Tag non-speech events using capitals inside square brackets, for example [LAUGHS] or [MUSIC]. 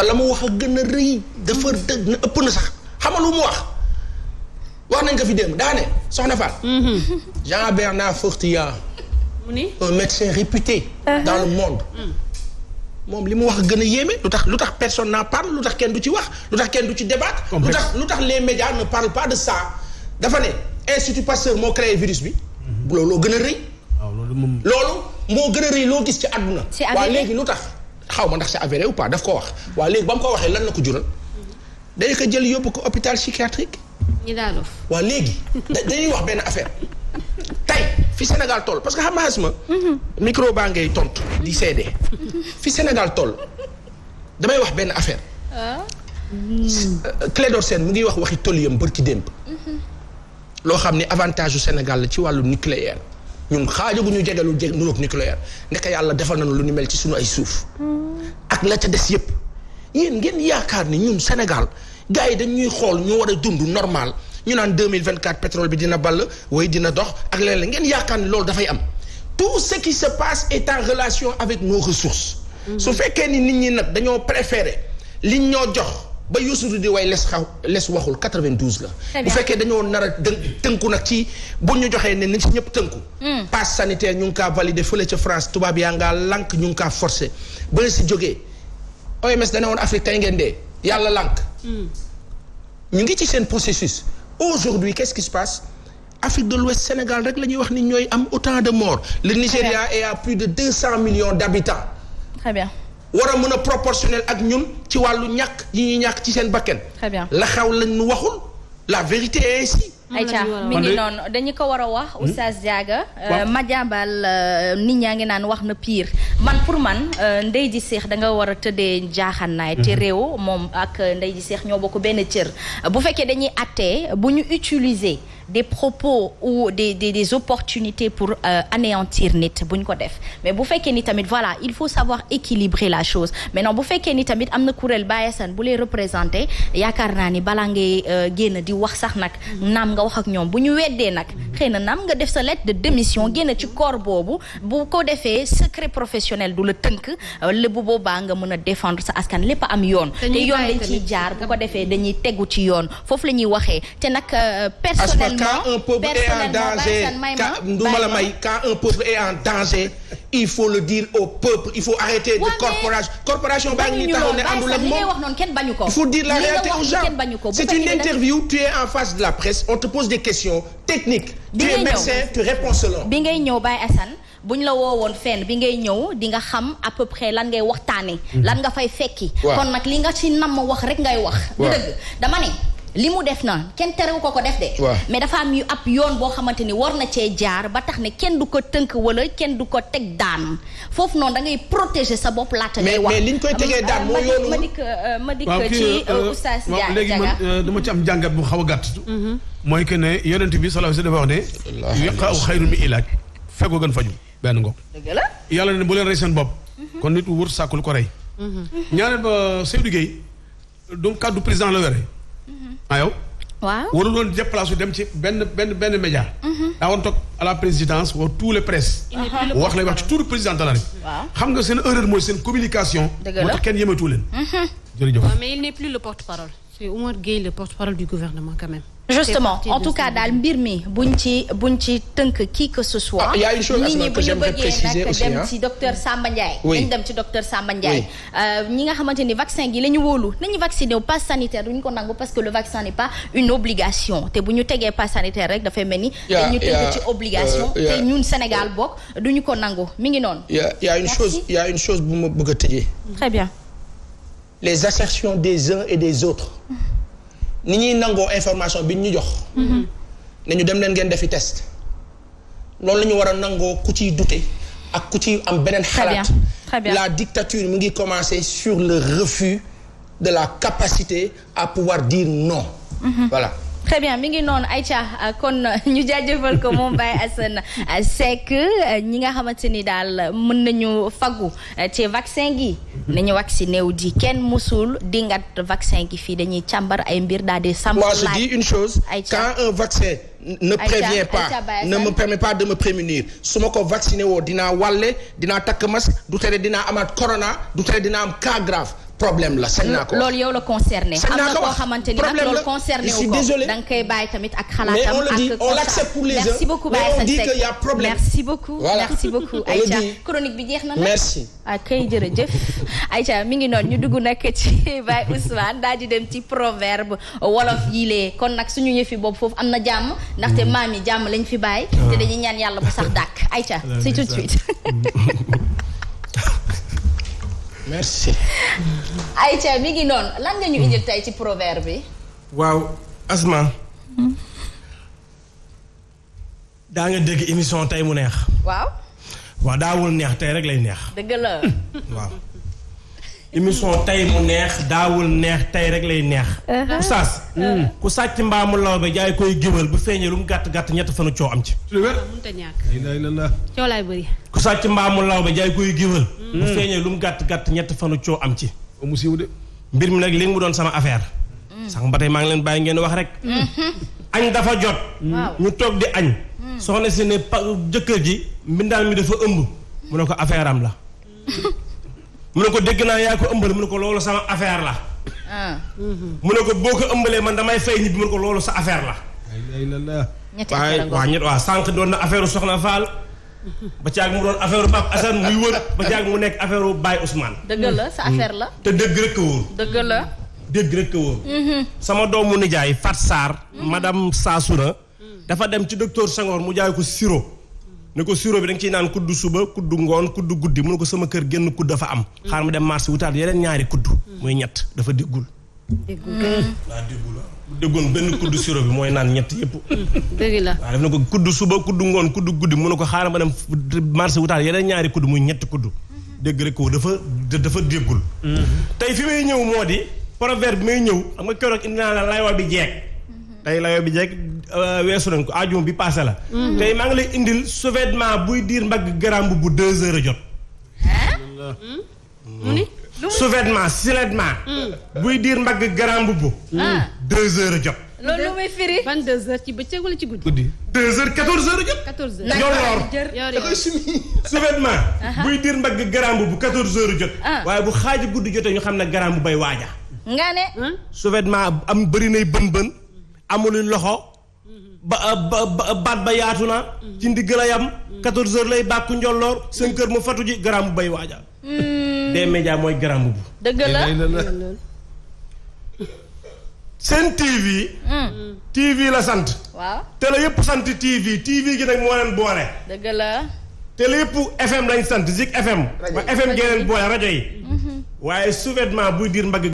te la mu wax a gën a rëy dafa dëgg na ëpp na sax xamal lu mu wax wax nañ ko fi dem daane soxna Fall. Mhm. Jean Bernard Fortia. mu ni un médecin réputé. Uh-huh. dans le monde. Mm. moom li mu wax gën a yéeme lu tax lu tax personne n'en parle lu tax kenn du ci wax lu tax kenn du ci débattre. lu tax lu tax les médias ne parlent pas de saa dafa ne institut Pasteur moo créé virus bi. Mhm. loo gën a rëy. waaw loolu moom. loolu moo gën a rëy loo gis ci àdduna. ci léegi lu tax. xaw ma ndax c'est avéré ou pas daf ko wax waa léegi ba mu ko waxee lan na ko jural dañu ko jël yóbbu ko hôpital psychiatrique ñi daalof waa léegi [LAUGHS] dañuy wax benn affaire tey fi Sénégal toll parce que xam nga ma mhm. micro baa ngay tontu di seede [LAUGHS] fi Sénégal toll damay wax benn affaire ah. Clédor Sène mu ngi wax waxi toliyam bër ci démb mhm. loo xam ni avantage u Sénégal la ci wàllu nucléaire ñun xaajaguñu jege nu jege nuyoog nucléaire ndeke yàlla defal nañu lu ñu mel ci suñu ay suuf. ak la ca des yépp yéen ngeen yaakaar ni ñun Sénégal gars yi dañuy xool ñu war a dund normal ñu naan 2024 pétrole bi dina ball way dina dox ak leneen ngeen yaakaar ni loolu dafay am tout ce qui se passe est en relation avec nos ressources. Mm-hmm. su fekkee ni nit ñi nag dañoo préférer liñ ñoo jox. ba Youssou di way les xaw les waxul 92 la. bu fekkee dañoo nara a tënku nag ci bu ñu joxee ne nañ ci ñëpp tënku. Hmm. passe sanitaire ñu ngi kaa validé fële ca France tubaab yaa ngaa lànk ñu ngi kaa forcé si jógee OMS woon Afrique tey ngeen dee yàlla lànk. Hmm. ñu ngi ci seen processus. aujourd'hui qu'est-ce qui se passe Afrique de l'Ouest Sénégal rek la ñuy wax ni ñooy am autant de morts. le Nigéria est à plus de 200 millions d'habitants. Très war a mën a proportionnel ak ñun ci wàllu ñàkk yi ñu ñàkk ci seen bakken très la xaw lañ nu waxul la vérité est ici. ayca mi ngi noonu dañu ko war a wax hmm? Oustaz Diaga euh, Madiambal euh, nit ñaa ngi naan wax na piir man pour man euh, ndey ji seex da nga war a tëddee jaaxanaay te hmm. réew moom ak ndey ji seex ñoo bokk benn cër bu fekkee dañuy attee bu ñu utiliser des propos ou des des, des opportunités pour euh, anéantir nit buñ ko def mais bu fekkee ni tamit voilà il faut savoir équilibrer la chose maintenant bu fekkee ni tamit am na kuréel bàyyeesan bu lee représenté yaakaar naa ni balaa ngay euh, génn di wax sax nag naam nga wax ak ñoom bu ñu weddee nag xëy na naam nga def sa lettre de démission génn ci corps boobu bu ko defee secret professionnel du la tënk euh, le bu boobaa nga mën a défendre sa askan lépp am yoon te yoon jaar bu ko defee dañuy tegu ci yoon quand un peuple est en danger duma la may quand un peuple est en danger il faut le dire au peuple il faut arrêter de corporation corporation baa ngi nii taxaw ne àndul ak moom il faut dire la réalité aux gens c'est une interview tu es en face de la presse on te pose des questions techniques tu es médecin tu réponds selon bi ngay ñëw la woowoon fenn bi ñëw di nga xam a peu près lan ngay waxtaane mhm. lan nga fay fekki kon nag li nga ci namm wax rek ngay wax du dëgg dama ne li mu def naa kenn terewu ko ko def de. mais dafa am yu ab yoon boo xamante ni war na cee jaar ba tax ne kenn du ko tënk wala kenn du ko teg daan foofu noonu da protéger sa bopp laata. ngay wax mais liñ koy tegee daan euh, moo ma dikk ma dikk euh, ci euh, oustaz léegi man dama ci am jàngat bu xaw a gàtt. Mm-hmm. mooy que ne yonent bi sallallahu alayhi wa sallam dafa wax ne. wiqaa'u xayrun min ilaaj fegu gën faju benn ngoog. yàlla ne bu leen rey seen bopp. Mm-hmm. kon nit wër sàkkul ko rey. Mm-hmm. ñaareel ba Seydou Guèye donc kaddu président la wéree. ah yow. waaw warul woon déplacé dem ci benn benn benn média. Mhm. daa waroon toog à la présidence wala tous les presse. wax lay wax ci turu président de la xam nga seen erreur mooy seen communication. dëgg la moo tax kenn yematu leen. Mhm. jërëjëf waaw mais il n'est plus le porte-parole. c'est Oumar Gueye le porte-parole du gouvernement quand même. justement en tout cas daal mbir mi buñ ci buñ ci tënk qui que ce soit. Ah, y a une chose bu ñu bëggee nag dem ci docteur Samba Ndiaye. Euh, ñi nga xamante ni vaccin gi la ñu wóolu nañu vacciné wu passe sanitaire duñ ko nangu parce que le vaccin n'est pas une obligation te bu ñu tegee passe sanitaire rek dafay mel ni. dañu tënk ci euh, obligation. te ñun Sénégal bokk duñu ko nangu mi ngi noonu. y a y a une chose y a bu ma bëgg a les assertions des uns et des autres. ni ñuy nangoo information bi ñu jox. Mm-hmm. ne ñu dem leen ngeen dafi test. loolu la ñu war a nangoo ku ciy dute ak ku ciy am beneen xalaat. la dictature mu ngi commencer sur le refus de la capacité à pouvoir dire non. Mm très bien mi ngi noonu ay Aïcha kon ñu jaajëfal ko moom Baye Assane Seck ñi nga xamante ni daal mën nañu faggu ci vaccin gi nañu vacciné wu ji kenn musul dingat vaccin gi fii dañuy càmbar ay mbir daal di samp moi une chose quand un vaccin ne prévient pas ne me permet pas de me prémunir su ma ko vacciné woo dinaa wàlle dinaa takk masque du tere dinaa amaat corona du tere dinaa am cas problème la sañ yow la concerné. sañ naa la am na koo xamante ni nag loolu concerné wu ko da nga bàyyi tamit ak xalaatam. ak mais on l'accepte merci beaucoup a problème merci beaucoup voilà. merci beaucoup [LAUGHS] Aïcha chronique bi jeex na nag merci. ak kay jërëjëf [LAUGHS] Aïcha mi ngi noonu ñu dugg nag ci [LAUGHS] Baye Ousmane daal di dem ci proverbe wolof yi lee kon nag suñu yëfi boobu foofu am na jàmm ndaxte mm. maam yi jàmm lañ fi bàyyi. Ah. te dañuy ñaan yàlla bu sax dàkk merci. [LAUGHS] Aïcha mi ngi noonu lan nga ñu hmm. indil tey ci proverbe bi. waaw Asma. Hmm? daa nga dégg émission tey mu neex. waaw. waaw daawul neex tey rek lay neex. dëgg la. [LAUGHS] waaw. émission tey mu neex daawul neex tey rek lay neex. ku uh-huh. saas. Uh-huh. ku sàcc mbaamu law bi jaay koy géwél bu feeñee lu mu gàtt gàtt ñett fanu coow am ci. Ah, mënut ku sàcc mbaamu law bi jaay koy géwél. Mm. gàtt gàtt ñett fanu coow am ci. mu mbir mi nag li mu doon sama affaire. Mm. sax ba maa ngi leen bàyyi ngeen wax rek. Mm. [LAUGHS] añ dafa jot. ñu toog di añ. soxna si ne pa jëkkër ji mbindaan mi dafa ëmb. mu ne ko affaire am la. [LAUGHS] mu ne ko dégg naa yaa ko ëmbal mu ne ko loolu sama affaire la. Ah. mu ne ko boo ko ëmbalee man damay fay ñibbi mu ne ko loolu sa affaire la. ñetti affaire la waaw sànq doon na affaire soxna Fall. ba caag mu doon affaire Pape Assane muy wër ba caag mu nekk affaire Baye Ousmane. dëgg la sa affaire la. te dëgg rek ko wóor. dëgg la. dëgg rek ko wóor. Mhm. sama doomu nijaay Fat Sarr. Mhm. madame Sassura. Mhm. dafa dem ci docteur Senghor mu jaay ko sirop. ne ko suro bi da nga ciy naan kuddu suba kuddu ngoon kudd guddi mu ne ko sama kër génn kudd dafa am mm. xaar mu dem marché wutaat yeneen ñaari kuddu mm. muy ñett dafa déggul mm. Ah. benn kudd bi mooy naan ñett na ko kudd suba kudd ngoon kudd guddi mu ne ko xaar ma dem marché wutaat yeneen ñaari kudd muy ñetti kudd mm-hmm. dégg rek ko dafa dafa déggul mm-hmm. tey fi may ñëw moo di proverbe bi may ñëw xam nga keroog indi naa la layoo bi jeeg mm-hmm. tey layoo bi jeeg Euh, weesu nañ ko ajuma bi passé la. Mhm. tey maa ngi lay indil sous-vêtement buy diir mbagg garambu bu deux heures a jot. mu ni sous-vêtement sous-vêtement hmm. buy diir mbagg garambu bu. Ah. deux heures a jot. loolu lu muy firi. ban deux heures ci bëccëg wala ci guddi. guddi deux heures quatorze heures a jot. quatorze heures yor loor da koy sumi sous-vêtement buy diir mbagg garambu bu quatorze heures a jot. Ah. waaye bu xaaji guddi jotee ñu xam ne garambu bay waaja. nga ne. sous-vêtement am bëri nay bën bën amul loxo. ba baat ba ba yaatu na ci ndigg la yam quatorze heures lay bàkku njolloor seen kër mu fatu ji garambu bay waaja hmm. des médias mooy garambu bu dëgg la seen TV. Hmm. TV la sant. waaw télé yëpp sant TV TV gi nag moo leen boole. dëgg la. télé FM lañ sant Zik FM. rajo FM gee leen boole rajo yi. Hmm. waaye sous buy diir mbagg.